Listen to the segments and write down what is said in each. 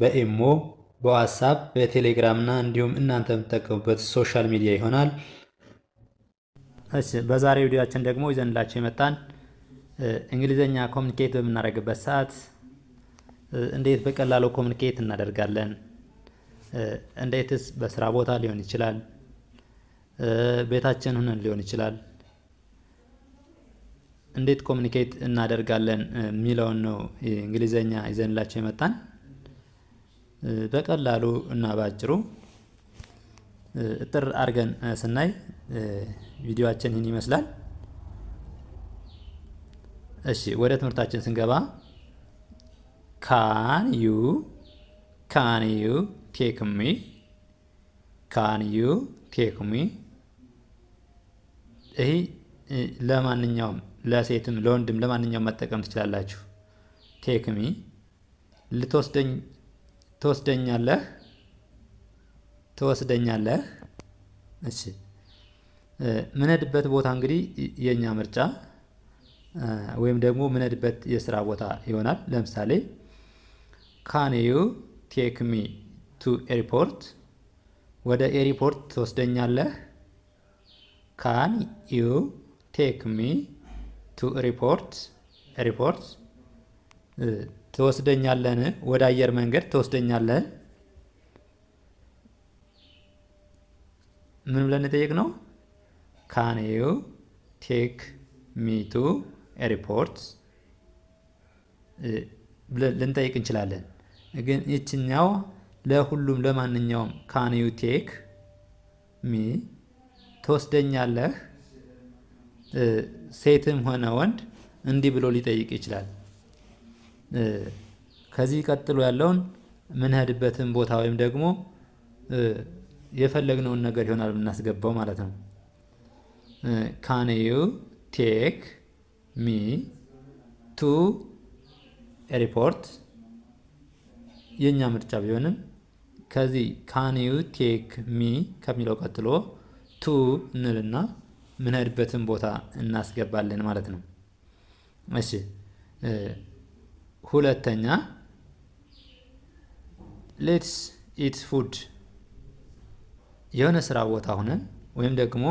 በኤሞ በዋትሳፕ በቴሌግራም እና እንዲሁም እናንተ የምትጠቀሙበት ሶሻል ሚዲያ ይሆናል። እሺ በዛሬ ቪዲዮችን ደግሞ ይዘንላቸው የመጣን እንግሊዘኛ ኮሚኒኬት በምናደርግበት ሰዓት እንዴት በቀላሉ ኮሚኒኬት እናደርጋለን፣ እንዴትስ በስራ ቦታ ሊሆን ይችላል፣ ቤታችን ሆነን ሊሆን ይችላል፣ እንዴት ኮሚኒኬት እናደርጋለን የሚለውን ነው እንግሊዘኛ ይዘንላቸው የመጣን በቀላሉ እና ባጭሩ እጥር አድርገን ስናይ ቪዲዮአችን ይህን ይመስላል። እሺ ወደ ትምህርታችን ስንገባ ካን ዩ ካን ዩ ቴክ ሚ ካን ዩ ቴክ ሚ ይህ ለማንኛውም ለሴትም ለወንድም ለማንኛውም መጠቀም ትችላላችሁ። ቴክ ሚ ልትወስደኝ ትወስደኛለህ ትወስደኛለህ እሺ ምነድበት ቦታ እንግዲህ የኛ ምርጫ ወይም ደግሞ ምነድበት የስራ ቦታ ይሆናል። ለምሳሌ ካን ዩ ቴክ ሚ ቱ ኤርፖርት ወደ ኤርፖርት ትወስደኛለህ? ካን ዩ ቴክ ሚ ቱ ኤርፖርት ኤርፖርት ትወስደኛለን ወደ አየር መንገድ ትወስደኛለህን? ምን ብለን ጠየቅ ነው? ካን ዩ ቴክ ሚ ቱ ኤርፖርት ብለን ልንጠይቅ እንችላለን። ግን ይችኛው ለሁሉም ለማንኛውም ካን ዩ ቴክ ሚ ትወስደኛለህ ሴትም ሆነ ወንድ እንዲህ ብሎ ሊጠይቅ ይችላል። ከዚህ ቀጥሎ ያለውን የምንሄድበትን ቦታ ወይም ደግሞ የፈለግነውን ነገር ይሆናል የምናስገባው ማለት ነው። ካን ዩ ቴክ ሚ ቱ ሪፖርት የእኛ ምርጫ ቢሆንም ከዚህ ካን ዩ ቴክ ሚ ከሚለው ቀጥሎ ቱ እንልና ምንሄድበትን ቦታ እናስገባለን ማለት ነው። እሺ ሁለተኛ ሌትስ ኢት ፉድ የሆነ ስራ ቦታ ሆነን ወይም ደግሞ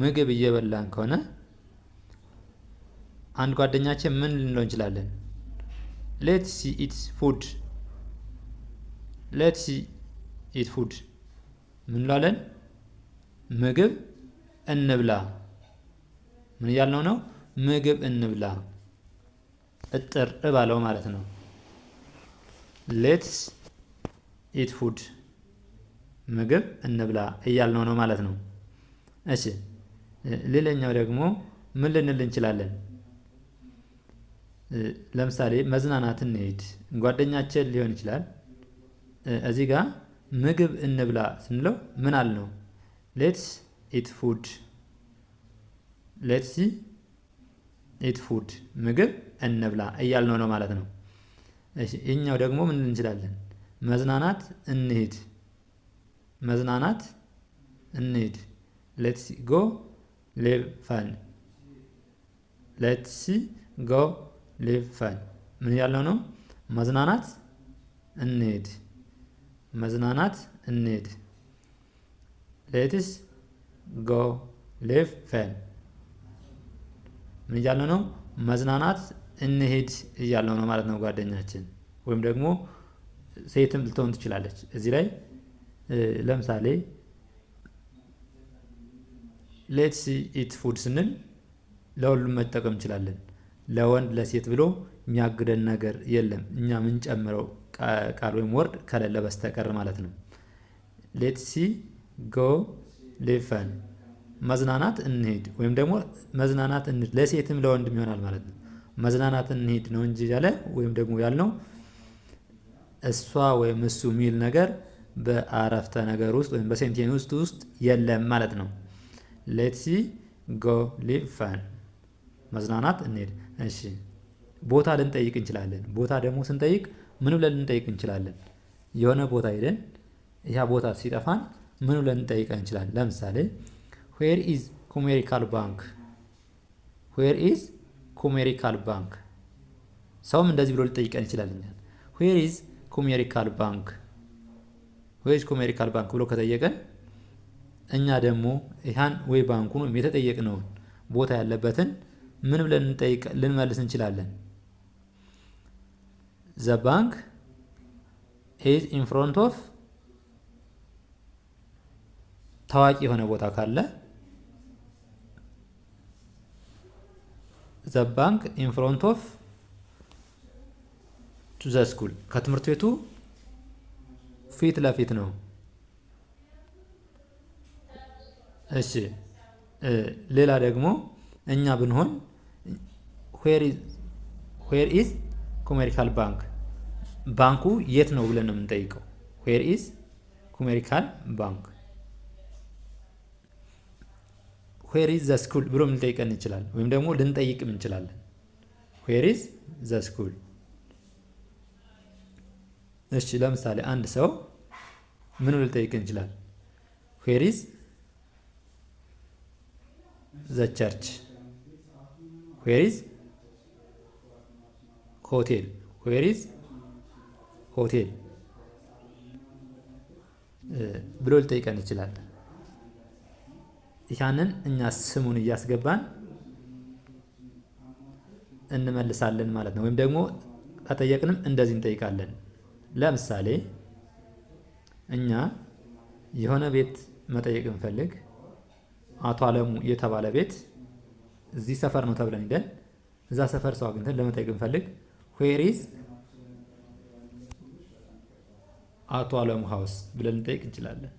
ምግብ እየበላን ከሆነ አንድ ጓደኛችን ምን ልንለው እንችላለን? ሌትስ ኢት ፉድ ሌትስ ኢት ፉድ ምንላለን? ምግብ እንብላ። ምን እያልነው ነው? ምግብ እንብላ። እጥር ባለው ማለት ነው። ሌትስ ኢት ፉድ ምግብ እንብላ እያልነው ነው ማለት ነው። እሺ ሌላኛው ደግሞ ምን ልንል እንችላለን? ለምሳሌ መዝናናትን እንሄድ፣ ጓደኛችን ሊሆን ይችላል። እዚህ ጋ ምግብ እንብላ ስንለው ምን አል ነው? ሌትስ ኢት ፉድ ሌትስ ኢት ፉድ ምግብ እንብላ እያልነው ነው ማለት ነው። ይህኛው ደግሞ ምን እንችላለን? መዝናናት እንሂድ፣ መዝናናት እንሂድ። ሌትስ ጎ ሌቭ ፈን፣ ሌትስ ጎ ሊቭ ፈን። ምን ያለው ነው? መዝናናት እንሂድ፣ መዝናናት እንሂድ። ሌትስ ጎ ሊቭ ፈን ምን እያለ ነው? መዝናናት እንሄድ እያለው ነው ማለት ነው ጓደኛችን። ወይም ደግሞ ሴትም ልትሆን ትችላለች። እዚህ ላይ ለምሳሌ ሌትስ ኢት ፉድ ስንል ለሁሉም መጠቀም እንችላለን። ለወንድ ለሴት ብሎ የሚያግደን ነገር የለም። እኛ የምንጨምረው ቃል ወይም ወርድ ከሌለ በስተቀር ማለት ነው። ሌትሲ ጎ ሌፈን መዝናናት እንሄድ ወይም ደግሞ መዝናናት እንሂድ ለሴትም ለወንድም ይሆናል ማለት ነው። መዝናናትን እንሂድ ነው እንጂ ያለ ወይም ደግሞ ያልነው እሷ ወይም እሱ የሚል ነገር በአረፍተ ነገር ውስጥ ወይም በሴንቴንስ ውስጥ ውስጥ የለም ማለት ነው። ሌትሲ ጎ ሊቭ ፋን መዝናናት እንሂድ። እሺ ቦታ ልንጠይቅ እንችላለን። ቦታ ደግሞ ስንጠይቅ ምን ብለን ልንጠይቅ እንችላለን? የሆነ ቦታ ሄደን ያ ቦታ ሲጠፋን ምን ብለን ልንጠይቅ እንችላለን? ለምሳሌ ዌር ኢዝ ኮሜሪካል ባንክ ዌር ኢዝ ኮሜሪካል ባንክ። ሰውም እንደዚህ ብሎ ሊጠይቀን ይችላል። እኛን ዌር ኢዝ ኮሜሪካል ባንክ፣ ዌር ኢዝ ኮሜሪካል ባንክ ብሎ ከጠየቀን እኛ ደግሞ ይህን ወይ ባንኩን ወይም የተጠየቅነውን ቦታ ያለበትን ምን ብለን ልንመልስ እንችላለን? ዘ ባንክ ኢዝ ኢን ፍሮንት ኦፍ ታዋቂ የሆነ ቦታ ካለ ዘ ባንክ ኢን ፍሮንት ኦፍ ቱ ዘ ስኩል ከትምህርት ቤቱ ፊት ለፊት ነው። እሺ ሌላ ደግሞ እኛ ብንሆን ዌር ኢዝ ኮሜሪካል ባንክ ባንኩ የት ነው ብለን ነው የምንጠይቀው። ዌር ኢዝ ኮሜሪካል ባንክ ዌሪዝ ዘ ስኩል ብሎ ልንጠይቀን ይችላል። ወይም ደግሞ ልንጠይቅም እንችላለን። ዌሪዝ ዘ ስኩል። እሺ ለምሳሌ አንድ ሰው ምን ልጠይቅ እንችላል? ዌሪዝ ዘ ቸርች፣ ዌሪዝ ሆቴል፣ ዌሪዝ ሆቴል ብሎ ልጠይቀን ይችላል። ያንን እኛ ስሙን እያስገባን እንመልሳለን ማለት ነው። ወይም ደግሞ ከጠየቅንም እንደዚህ እንጠይቃለን። ለምሳሌ እኛ የሆነ ቤት መጠየቅ እንፈልግ አቶ አለሙ የተባለ ቤት እዚህ ሰፈር ነው ተብለን ሄደን እዛ ሰፈር ሰው አግኝተን ለመጠየቅ እንፈልግ ዌር አቶ አለሙ ሀውስ ብለን ልንጠይቅ እንችላለን።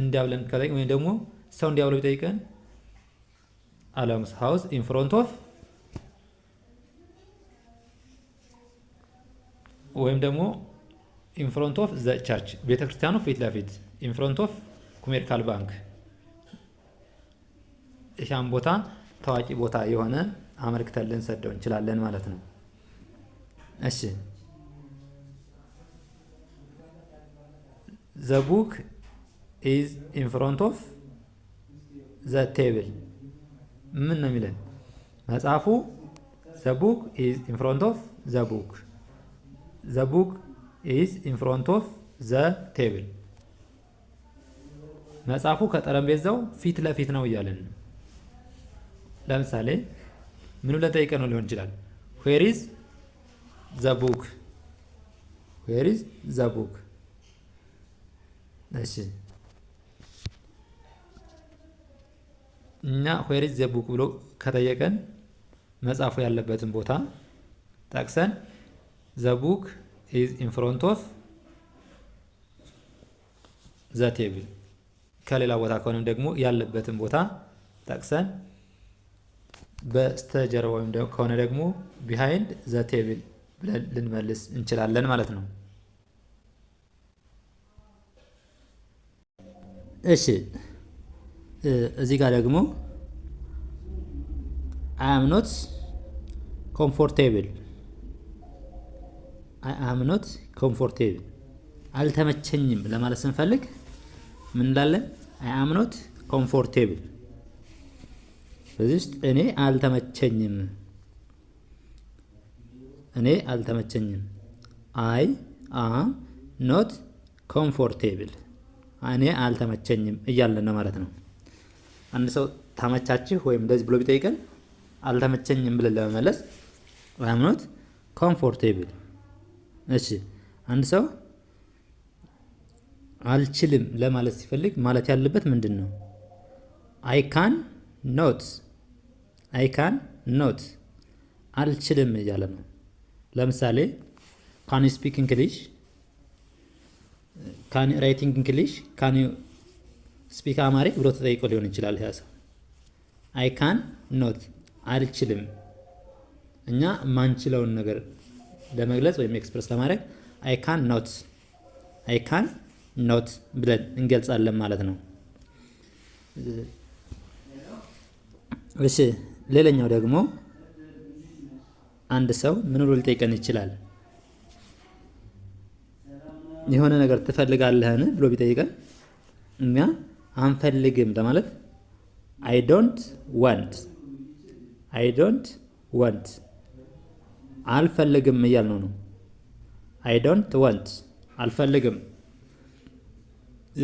እንዲያብለን ከጠየቅ ወይም ደግሞ ሰው እንዲያብሎ ቢጠይቀን አለምስ ሀውስ ኢንፍሮንት ኦፍ ወይም ደግሞ ኢንፍሮንት ኦፍ ዘ ቸርች ቤተክርስቲያኑ ፊት ለፊት ኢንፍሮንት ኦፍ ኮሜርካል ባንክ እሻም ቦታ ታዋቂ ቦታ የሆነ አመልክተን ልንሰደው እንችላለን ማለት ነው። እሺ ዘ ቡክ ኢዝ ኢን ፍሮንት ኦፍ ዘ ቴብል ምን ነው የሚለን? መጽሐፉ ዘ ቡክ ኢዝ ኢን ፍሮንት ኦፍ ዘ ቡክ ዘ ቡክ ኢዝ ኢን ፍሮንት ኦፍ ዘ ቴብል መጽሐፉ ከጠረጴዛው ፊት ለፊት ነው እያለን ነው። ለምሳሌ ምን ብለን ጠይቀ ነው ሊሆን ይችላል። ዌር ኢዝ ዘ ቡክ ዌር ኢዝ ዘ ቡክ። እሺ እኛ ሆይሪዝ ዘቡክ ብሎ ከጠየቀን መጽሐፉ ያለበትን ቦታ ጠቅሰን ዘቡክ ኢዝ ፍሮንት ኦፍ ቴብል። ከሌላ ቦታ ከሆነም ደግሞ ያለበትን ቦታ ጠቅሰን በስተጀርባ ወይም ከሆነ ደግሞ ቢሃይንድ ዘቴብል ብለን ልንመልስ እንችላለን ማለት ነው። እሺ እዚህ ጋር ደግሞ አም ኖት ኮምፎርቴብል አይ አም ኖት ኮምፎርቴብል አልተመቸኝም ለማለት ስንፈልግ ምን እንላለን? አም ኖት ኮምፎርቴብል። በዚህ ውስጥ እኔ አልተመቸኝም፣ እኔ አልተመቸኝም። አይ አ ኖት ኮምፎርቴብል፣ እኔ አልተመቸኝም እያለን ነው ማለት ነው። አንድ ሰው ተመቻችህ ወይም እንደዚህ ብሎ ቢጠይቀን አልተመቸኝም ብለን ለመመለስ ሃይማኖት ኮምፎርቴብል። እሺ አንድ ሰው አልችልም ለማለት ሲፈልግ ማለት ያለበት ምንድን ነው? አይ ካን ኖት፣ አይ ካን ኖት፣ አልችልም እያለ ነው። ለምሳሌ ካን ዩ ስፒክ እንግሊሽ፣ ካን ዩ ራይቲንግ እንግሊሽ፣ ካን ዩ ስፒክ አማሪክ ብሎ ተጠይቆ ሊሆን ይችላል። ያ ሰው አይ ካን ኖት አልችልም። እኛ ማንችለውን ነገር ለመግለጽ ወይም ኤክስፕረስ ለማድረግ አይ ካን ኖት አይ ካን ኖት ብለን እንገልጻለን ማለት ነው። እሺ ሌላኛው ደግሞ አንድ ሰው ምን ብሎ ሊጠይቀን ይችላል? የሆነ ነገር ትፈልጋለህን ብሎ ቢጠይቀን እኛ አንፈልግም ለማለት አይ ዶንት ዋንት አይ ዶንት ዋንት አልፈልግም እያልነው ነው። አይ ዶንት ዋንት አልፈልግም፣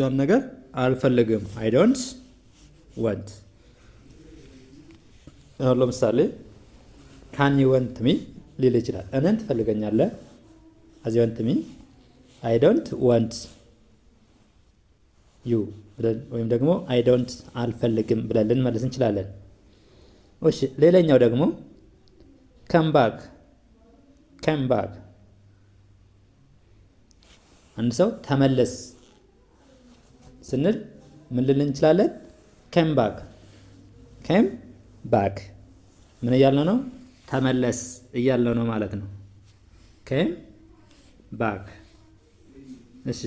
ያን ነገር አልፈልግም። አይ ዶንት ዋንት። አሁን ለምሳሌ ካን ዩ ዋንት ሚ ሊል ይችላል። እኔን ትፈልገኛለህ? አዚ ዋንት ሚ? አይ ዶንት ዋንት ዩ ወይም ደግሞ አይ ዶንት አልፈልግም ብለን ልንመልስ እንችላለን። እሺ ሌላኛው ደግሞ ባክ ከም ባክ አንድ ሰው ተመለስ ስንል ምን ልል እንችላለን? ከም ባክ ከም ባክ። ምን እያልነው ነው? ተመለስ እያልነው ነው ማለት ነው። ከም ባክ። እሺ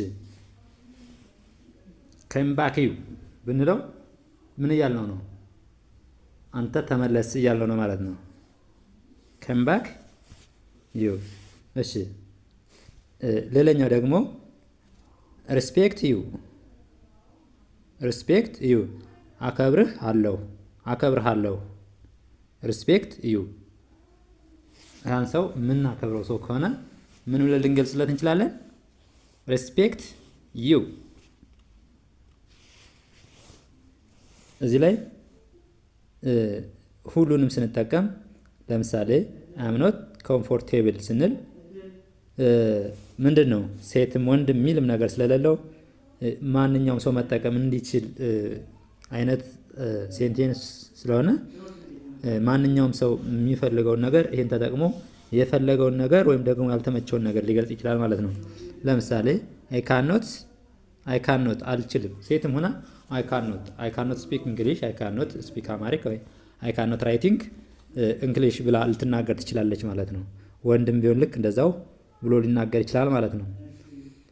ከእምባክዩ ብንለው ምን እያልነው ነው? አንተ ተመለስ እያልነው ነው ማለት ነው። ከምባክ ዩ። እሺ፣ ሌላኛው ደግሞ ሪስፔክት ዩ፣ ሪስፔክት ዩ፣ አከብርህ አለው አከብርህ አለው ሪስፔክት ዩ። ያን ሰው የምናከብረው ሰው ከሆነ ምን ብለን ልንገልጽለት እንችላለን? ሪስፔክት ዩ እዚህ ላይ ሁሉንም ስንጠቀም ለምሳሌ አምኖት ኮምፎርቴብል ስንል ምንድን ነው ሴትም ወንድ የሚልም ነገር ስለሌለው ማንኛውም ሰው መጠቀም እንዲችል አይነት ሴንቴንስ ስለሆነ ማንኛውም ሰው የሚፈልገውን ነገር ይህን ተጠቅሞ የፈለገውን ነገር ወይም ደግሞ ያልተመቸውን ነገር ሊገልጽ ይችላል ማለት ነው። ለምሳሌ አይካኖት አይካኖት አልችልም ሴትም ሆና አይ ካንኖት አይ ካንኖት ስፒክ እንግሊሽ አይ ካንኖት ስፒክ አማሪክ ወይ አይ ካንኖት ራይቲንግ እንግሊሽ ብላ ልትናገር ትችላለች ማለት ነው። ወንድም ቢሆን ልክ እንደዛው ብሎ ሊናገር ይችላል ማለት ነው።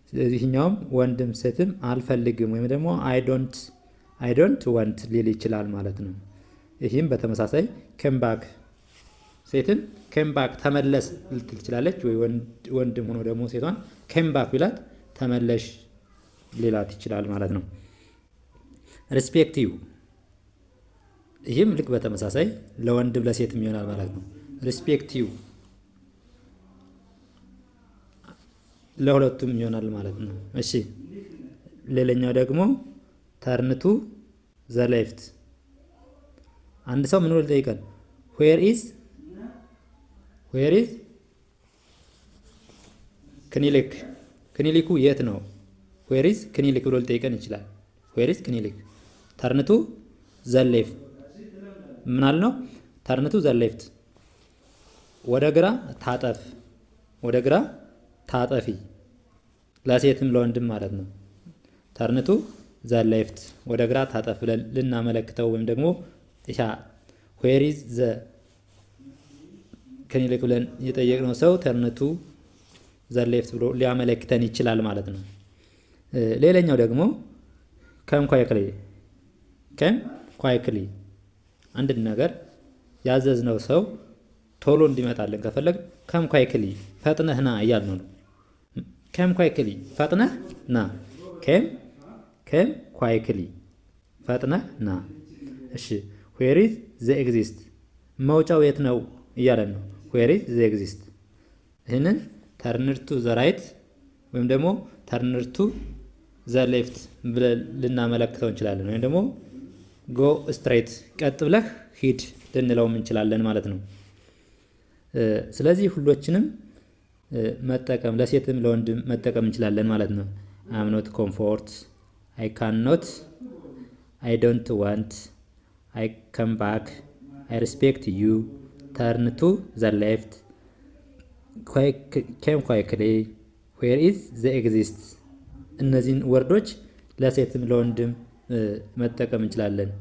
ስለዚህኛውም ወንድም ሴትም አልፈልግም ወይም ደግሞ አይ ዶንት አይ ዶንት ወንት ሊል ይችላል ማለት ነው። ይህም በተመሳሳይ ከምባክ ሴትን ከምባክ ተመለስ ልትል ትችላለች። ወይ ወንድም ሆኖ ደግሞ ሴቷን ከምባክ ቢላት ተመለሽ ሌላት ይችላል ማለት ነው። ሪስፔክቲቭ ይህም ልክ በተመሳሳይ ለወንድም ለሴትም ይሆናል ማለት ነው። ሪስፔክቲቭ ለሁለቱም ይሆናል ማለት ነው። እሺ ሌላኛው ደግሞ ተርንቱ ዘላይፍት አንድ ሰው ምን ብሎ ይጠይቃል? ዌር ኢዝ ዌር ኢዝ ክኒሊክ ክኒሊኩ የት ነው? ዌር ኢዝ ክኒሊክ ብሎ ሊጠይቀን ይችላል። ዌር ኢዝ ክኒሊክ ተርንቱ ዘሌፍት ምናል ነው ተርንቱ ዘሌፍት ወደ ግራ ታጠፍ፣ ወደ ግራ ታጠፊ ለሴትም ለወንድም ማለት ነው። ተርንቱ ዘሌፍት ወደ ግራ ታጠፍ ብለን ልናመለክተው ወይም ደግሞ ኢሻ ዌሪዝ ዘ ከኒልክ ብለን የጠየቅነው ሰው ተርንቱ ዘሌፍት ብሎ ሊያመለክተን ይችላል ማለት ነው። ሌላኛው ደግሞ ከምኳ የክለይ ከን ኳይክሊ አንድን ነገር ያዘዝነው ሰው ቶሎ እንዲመጣልን ከፈለግ ከም ኳይክሊ ፈጥነህ ና እያልነው ነው። ከም ኳይክሊ ፈጥነህ ና። ከም ከም ኳይክሊ ፈጥነህ ና። እሺ ዌር ዘ ኤግዚስት መውጫው የት ነው እያለን ነው። ዌር ዘ ኤግዚስት ይህንን ተርንርቱ ዘራይት ወይም ደግሞ ተርንርቱ ዘ ሌፍት ብለን ልናመለክተው እንችላለን ወይም ደግሞ ጎ ስትሬት ቀጥ ብለህ ሂድ ልንለውም እንችላለን ማለት ነው። ስለዚህ ሁሎችንም መጠቀም ለሴትም ለወንድም መጠቀም እንችላለን ማለት ነው። አም ኖት ኮምፎርት፣ አይ ካን ኖት፣ አይ ዶንት ዋንት፣ አይ ከም ባክ፣ አይ ሪስፔክት ዩ፣ ተርን ቱ ዘ ሌፍት፣ ኬም ኳይክሊ፣ ዌር ኢዝ ዘ ኤግዚስት እነዚህን ወርዶች ለሴትም ለወንድም መጠቀም እንችላለን።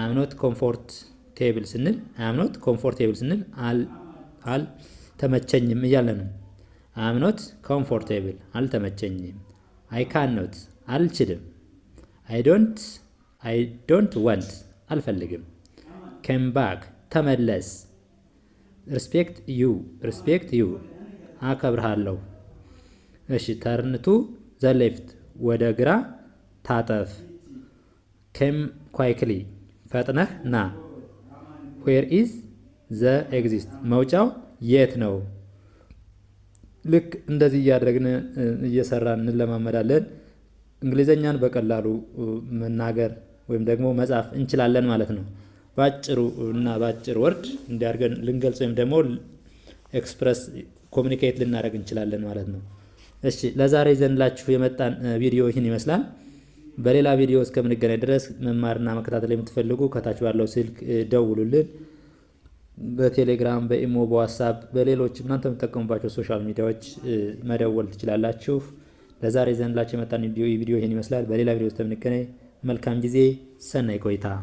አምኖት ኮምፎርት ቴብል ስንል አምኖት ኮምፎርት ቴብል ስንል አልተመቸኝም እያለ ነው። አምኖት ኮምፎርቴብል አልተመቸኝም። አይ ኖት አልችልም። አይ ዶንት አይ ዶንት ዋንት አልፈልግም። ከም ባክ ተመለስ። ሪስፔክት ዩ ሪስፔክት ዩ አከብርሃለሁ። እሺ ተርንቱ ሌፍት ወደ ግራ ታጠፍ ኬም ኳይክሊ ፈጥነህ ና። ዌር ኢዝ ዘ ኤግዚስት መውጫው የት ነው? ልክ እንደዚህ እያደረግን እየሰራን እንለማመዳለን። እንግሊዘኛን በቀላሉ መናገር ወይም ደግሞ መጻፍ እንችላለን ማለት ነው። በአጭሩ እና በአጭር ወርድ እንዲያደርገን ልንገልጽ ወይም ደግሞ ኤክስፕረስ ኮሚኒኬት ልናደርግ እንችላለን ማለት ነው። እሺ ለዛሬ ዘንላችሁ የመጣን ቪዲዮ ይህን ይመስላል። በሌላ ቪዲዮ እስከምንገናኝ ድረስ መማርና መከታተል የምትፈልጉ ከታች ባለው ስልክ ደውሉልን። በቴሌግራም፣ በኢሞ፣ በዋትሳፕ፣ በሌሎች እናንተ የምትጠቀሙባቸው ሶሻል ሚዲያዎች መደወል ትችላላችሁ። ለዛሬ ዘንላችሁ የመጣን ቪዲዮ ይህን ይመስላል። በሌላ ቪዲዮ እስከምንገናኝ መልካም ጊዜ፣ ሰናይ ቆይታ